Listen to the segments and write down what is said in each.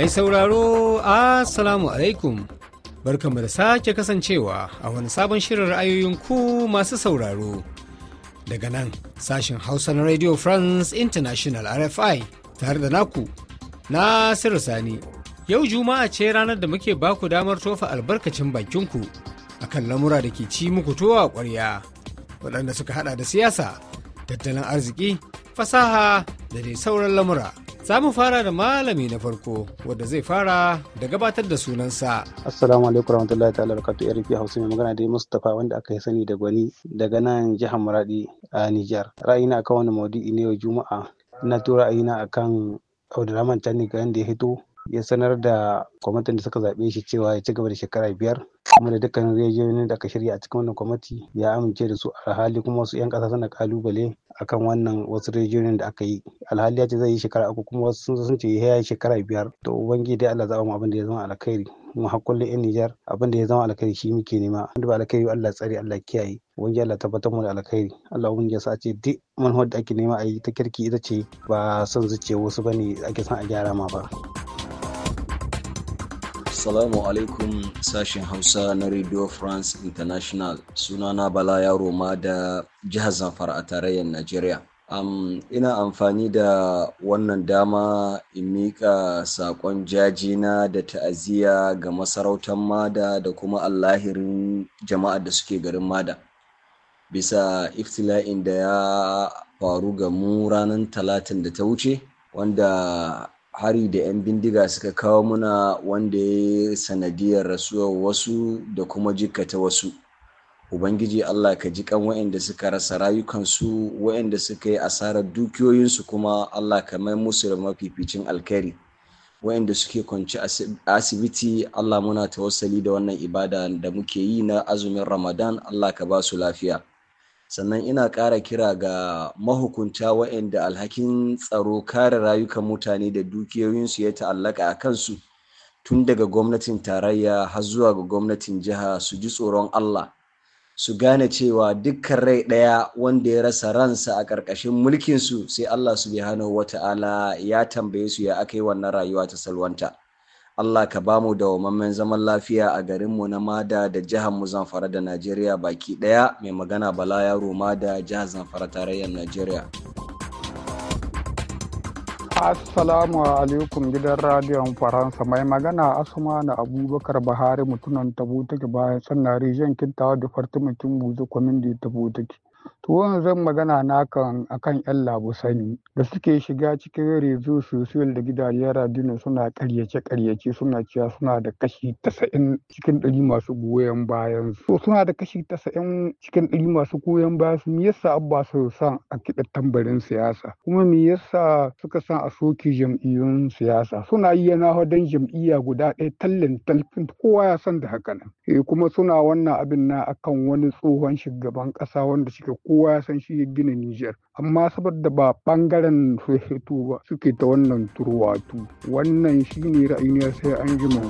Mai sauraro, Assalamu alaikum. Barkanmu da sake kasancewa a wani sabon shirin ra'ayoyin ku masu sauraro. Daga nan, sashen Hausa na Radio France International RFI tare da naku, Nasiru Sani. Yau Juma'a ce ranar da muke baku damar tofa albarkacin bakinku akan lamura da ke ci muku towa ƙwarya, waɗanda suka hada da siyasa, tattalin arziki, fasaha da dai sauran lamura. Za fara da malami na farko wanda zai fara da gabatar da sunansa. Assalamu alaikum warahmatullahi ta'ala barakatuh RP Hausa mai magana da Mustapha wanda aka yi sani da gwani daga nan jihar Maradi a Niger. Ra'ayina akan wani maudu'i ne yau Juma'a na tura ra'ayina akan Abdulrahman Tani ga da ya fito ya sanar da kwamitin da suka zaɓe shi cewa ya ci gaba da shekara biyar kuma da dukkanin rijiyoyin da aka shirya a cikin wannan kwamiti ya amince da su a hali kuma wasu 'yan ƙasa suna ƙalubale. akan wannan wasu rijiyoyin da aka yi alhali ya ce zai yi shekara uku kuma wasu sun zo sun ce ya yi shekara biyar to ubangiji dai Allah zaba mu abin da ya zama alkhairi mu hakullin yan Nijar abin da ya zama alkhairi shi muke nema wanda ba alkhairi Allah tsare Allah kiyaye wani Allah tabbatar mu da alkhairi Allah ubangiji ya sa ce duk manhaj da ake nema a yi ta kirki ita ce ba son zuciya wasu bane ake son a gyara ma ba. Assalamu alaikum sashen Hausa na Radio France International sunana Bala Yaro ma da jihar Zamfara a tarayyar Najeriya. Um, ina amfani da wannan dama in miƙa saƙon jajina da ta'aziyya ga masarautar Mada da kuma allahirin jama'a da suke garin Mada. Bisa iftila'in da ya faru ga mu ranar talatin da ta wuce wanda hari da 'yan bindiga suka kawo muna wanda ya sanadiyar rasuwar wasu da kuma jikkata wasu ubangiji allah ka ji kan wa'anda suka rasa rayukansu wa'anda suka yi asarar dukiyoyinsu kuma allah ka mai musu da mafificin alkhairi wa'anda suke kwanci asibiti allah muna tawassali da wannan ibada da muke yi na azumin ramadan allah ka ba su lafiya sannan ina ƙara kira ga mahukunta waɗanda alhakin tsaro kare rayukan mutane da dukiyoyinsu ya ta'allaka a kansu tun daga gwamnatin tarayya har zuwa ga gwamnatin jiha su ji tsoron allah su gane cewa dukkan rai ɗaya wanda ya rasa ransa a ƙarƙashin mulkinsu sai allah su bihanu wata'ala ya tambaye su ya aka yi wannan rayuwa ta salwanta Allah ka ba mu dawamammen zaman lafiya a garinmu na Mada da jihar mu Zamfara da Najeriya baki ɗaya mai magana Bala Yaro Mada jihar Zamfara tarayyar Najeriya. Assalamu alaikum gidan radiyon Faransa mai magana Asuma na Abubakar Buhari, mutunan tabo take bayan sannan rijiyar kintawa da fartimakin buzu kwamin da tabo take. Tuwon zan magana na kan akan ‘yan labusani da suke shiga cikin rezo sosial da gidajen radino suna karyace-karyace suna cewa suna da kashi tasa'in cikin ɗari masu goyon bayan su. suna da kashi tasa'in cikin ɗari masu goyon bayan su me yasa abba su san a kiɗa tambarin siyasa kuma me yasa suka san a soke jam'iyyun siyasa suna yi yana dan jam'iyya guda ɗaya tallin talfin kowa ya san da haka nan. Eh, kuma suna wannan abin na akan wani tsohon shugaban ƙasa wanda suke ko kowa ya san shi ya gina Nijar. Amma saboda ba ɓangaren Soheto ba suke ta wannan turwatu. Wannan shi ne ra'ayin sai an jima.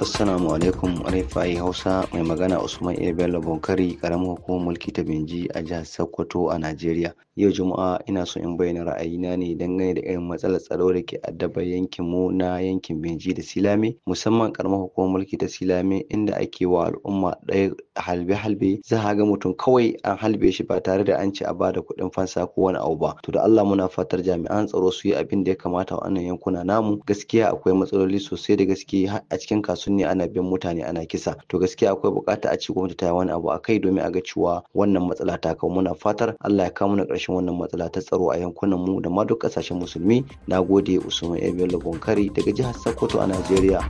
Assalamu alaikum Rifai Hausa mai magana Usman Ebello Bonkari karamin hukumar mulki ta Benji a jihar Sokoto a Najeriya. yau juma'a ina so in bayyana ra'ayina ne dangane da irin matsalar tsaro da ke addaba yankin mu na yankin benji da silame musamman karamar hukumar mulki ta silame inda ake wa al'umma ɗaya halbe halbe za ga mutum kawai an halbe shi ba tare da an ci a ba da kuɗin fansa ko wani abu ba to da Allah muna fatar jami'an tsaro su yi abin da ya kamata a wannan yankuna namu gaskiya akwai matsaloli sosai da gaske a cikin kasuwanni ana bin mutane ana kisa to gaskiya akwai bukata a ci gwamnati ta yi wani abu a kai domin a ga cewa wannan matsala ta kawo muna fatar Allah ya kawo mana ƙarshen ƙarshen wannan matsala ta tsaro a yankunan mu da ma duk ƙasashen musulmi na gode usman emelo bonkari daga jihar sokoto a najeriya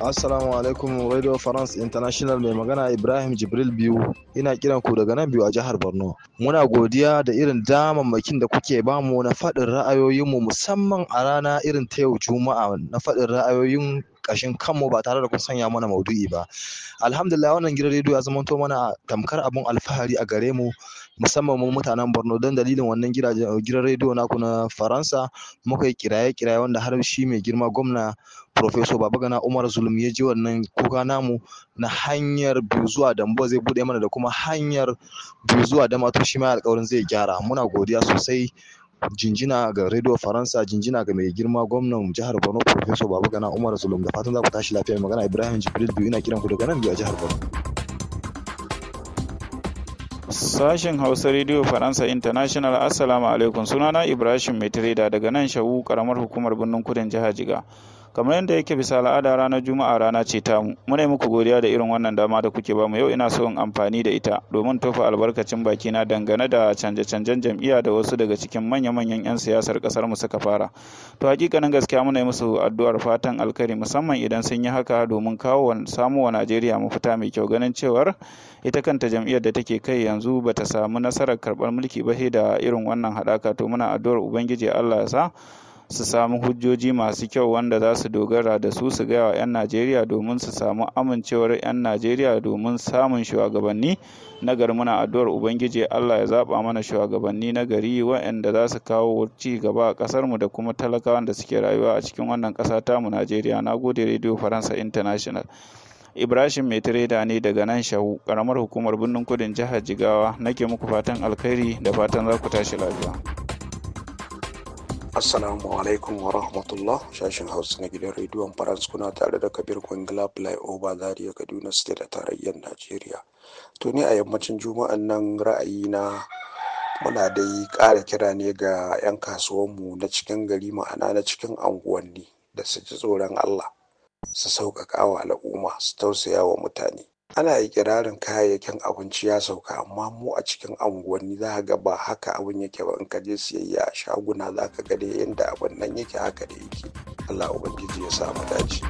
Assalamu alaikum Radio France International mai magana Ibrahim Jibril Biyu ina kiran ku daga nan biyu a jihar Borno. Muna godiya da irin damammakin da kuke bamu na faɗin ra'ayoyinmu musamman a rana irin ta yau Juma'a na faɗin ra'ayoyin ƙashin kanmu ba tare da kun sanya mana maudu'i ba. Alhamdulillah wannan gidan rediyo ya zamanto mana tamkar abun alfahari a gare mu musamman mu mutanen Borno don dalilin wannan gidan rediyo naku na Faransa muka yi kiraye-kiraye wanda har shi mai girma gwamna Professor Babagana Umar Zulum ya ji wannan kuka namu na hanyar biyu zuwa Dambo zai bude mana da kuma hanyar biyu zuwa Damato shi ma alƙawarin zai gyara muna godiya sosai jinjina ga rediyo Faransa jinjina ga mai girma gwamnan jihar Borno Professor Babagana Umar Zulum da fatan za ku tashi lafiya magana Ibrahim Jibril biyu ina kiran ku daga nan biyu a jihar Borno Sashen Hausa Radio Faransa International Assalamu alaikum sunana Ibrahim Maitreda daga nan Shawu karamar hukumar birnin kudin jihar Jiga. kamar yadda yake bisa al'ada ranar juma'a rana ce ta mu muna muku godiya da irin wannan dama da kuke bamu yau ina so in amfani da ita domin tofa albarkacin baki na. dangane da canje-canjen jam'iyya da wasu daga cikin manya-manyan 'yan siyasar kasar mu suka fara to hakikanin gaskiya muna musu addu'ar fatan alkari musamman idan sun yi haka domin kawo samuwa wa najeriya mafita mai kyau ganin cewar ita kanta jam'iyyar da take kai yanzu bata samu nasarar karbar mulki ba da irin wannan haɗaka to muna addu'ar ubangiji allah ya sa su samu hujjoji masu kyau wanda za su dogara da su su gaya wa 'yan Najeriya domin su samu amincewar 'yan Najeriya domin samun shugabanni na gari muna addu'ar Ubangiji Allah ya zaba mana shugabanni na gari waanda za su kawo ci gaba a kasar mu da kuma talakawan da suke rayuwa a cikin wannan ƙasa mu Najeriya. Na gode Radio Faransa International. Ibrahim mai tireda ne daga nan shahu karamar hukumar birnin kudin jihar Jigawa nake muku fatan alkhairi da fatan za ku tashi lafiya. Assalamu alaikum wa rahmatullah shashin Hausa na gidan rediyon France kuna tare da Kabir Kwangila Flyover Zaria Kaduna State da tarayyar Najeriya. To ni a yammacin juma'an nan ra'ayi na muna dai ƙara kira ne ga 'yan kasuwanmu na cikin gari ma'ana na cikin anguwanni da su ji tsoron Allah su sauƙaƙa wa al'umma su tausaya wa mutane ana ikirarin kayayyakin abinci ya sauka amma mu a cikin unguwanni za ga ba haka abin yake ba in ka je siyayya a shaguna za ka ga dai yadda abin nan yake haka da yake Allah ubangiji ya sa mu dace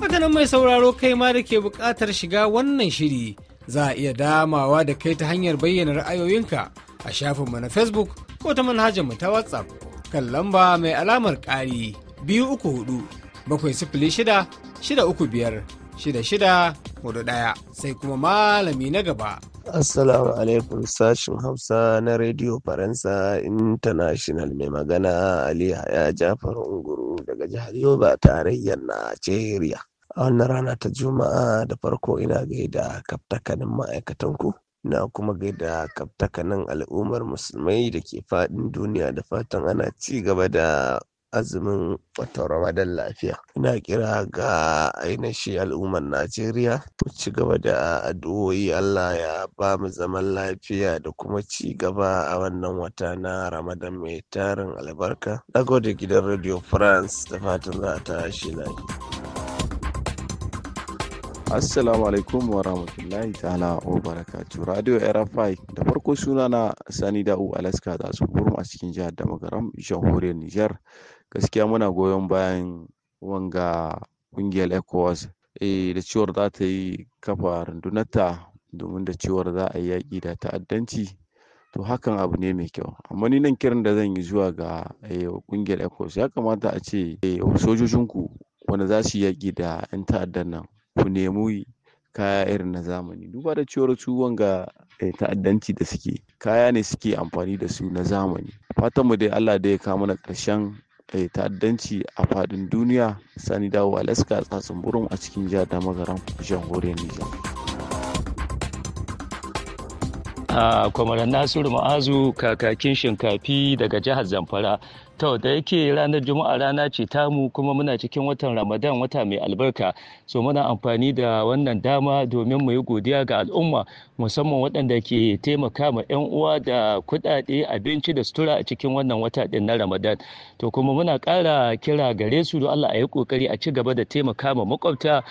hakanan mai sauraro kai ma da ke buƙatar shiga wannan shiri za a iya damawa da kai ta hanyar bayyana ra'ayoyinka a shafinmu na facebook ko ta manhajar mu ta whatsapp kan lamba mai alamar ƙari biyu uku hudu bakwai sifili shida shida uku biyar Shida-shida hudu ɗaya, sai kuma malami na gaba. Assalamu alaikum sashin Hausa na Radio Faransa International mai magana Ali Haya Jafar Unguru daga jihar Yoba tarayyar Najeriya. A wannan rana ta Juma'a da farko ina gaida kaftakanin ma'aikatanku na kuma gaida kaftakanin al'ummar musulmai da ke faɗin duniya da fatan ana ci gaba da azumin watan Ramadan lafiya. Ina kira ga ainihin al'ummar Najeriya mu ci gaba da addu'o'i Allah ya ba mu zaman lafiya da kuma ci gaba a wannan wata na Ramadan mai tarin albarka. Na gidan Radio France da fatan za a tashi lafiya. Assalamu alaikum wa rahmatullahi ta'ala wa barakatuh. Radio RFI da farko suna na Sani Da'u Alaska da burma a cikin jihar Damagaram, jamhuriyar Nijar. Gaskiya muna goyon bayan wanga kungiyar ECOWAS eh, da cewar za ta yi kafa rundunarta domin da cewar za a yi yaƙi da ta'addanci. To hakan abu ne mai kyau. Amma ni nan kiran da zan yi zuwa ga kungiyar eh, ECOWAS ya kamata a ce eh, sojojinku wanda za su yi yaƙi da 'yan ta'addan nan ku nemi kaya irin na zamani duba da cewar su wanga eh, ta'addanci da suke kaya ne suke amfani da su na zamani fatan mu dai Allah da ya kawo mana ƙarshen eh, ta'addanci a faɗin duniya sani dawo alaska tsatsun burin a cikin jihar damagaran jamhuriyar nijar a ah, kwamaran nasiru ma'azu kakakin shinkafi daga jihar zamfara To da yake ranar Juma'a rana ce tamu kuma muna cikin watan Ramadan wata mai albarka. So muna amfani da wannan dama domin mu yi godiya ga al'umma musamman waɗanda ke taimaka ma 'yan uwa da kuɗaɗe abinci da sutura a cikin wannan wata ɗin na Ramadan. To kuma muna ƙara kira gare su don Allah a yi ƙoƙari a ci gaba da taimaka ma makwabta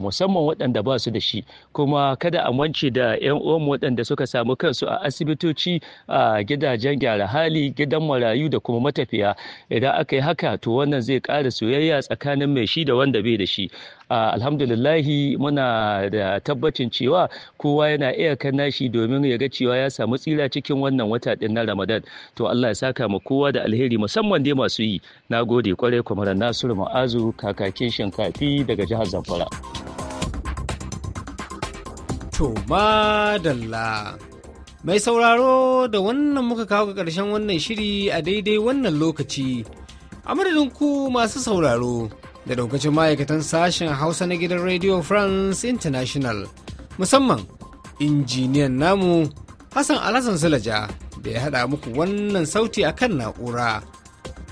musamman waɗanda ba su da shi. Kuma kada a mance da 'yan uwanmu waɗanda suka samu kansu a asibitoci, a gidajen gyara hali, gidan marayu da kuma matafiya. soyayya idan aka yi haka to wannan zai ƙara soyayya tsakanin mai shi da wanda bai da shi alhamdulillahi muna da tabbacin cewa kowa yana iya kanna nashi domin ya ga cewa ya samu tsira cikin wannan wata din na ramadan to allah ya saka ma kowa da alheri musamman dai masu yi na gode kwarai kwamaran nasiru ma'azu kakakin shinkafi daga jihar zamfara to madalla Mai sauraro da wannan muka kawo ga ƙarshen wannan shiri a daidai wannan lokaci. A madadin ku masu sauraro da daukacin ma'aikatan sashen Hausa na gidan Radio France International musamman injiniyan namu Hassan Alhassan Sulaja da ya haɗa muku wannan sauti a kan na'ura.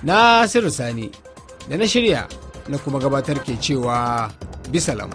Nasiru Sani da na shirya na kuma gabatar ke cewa bisalam.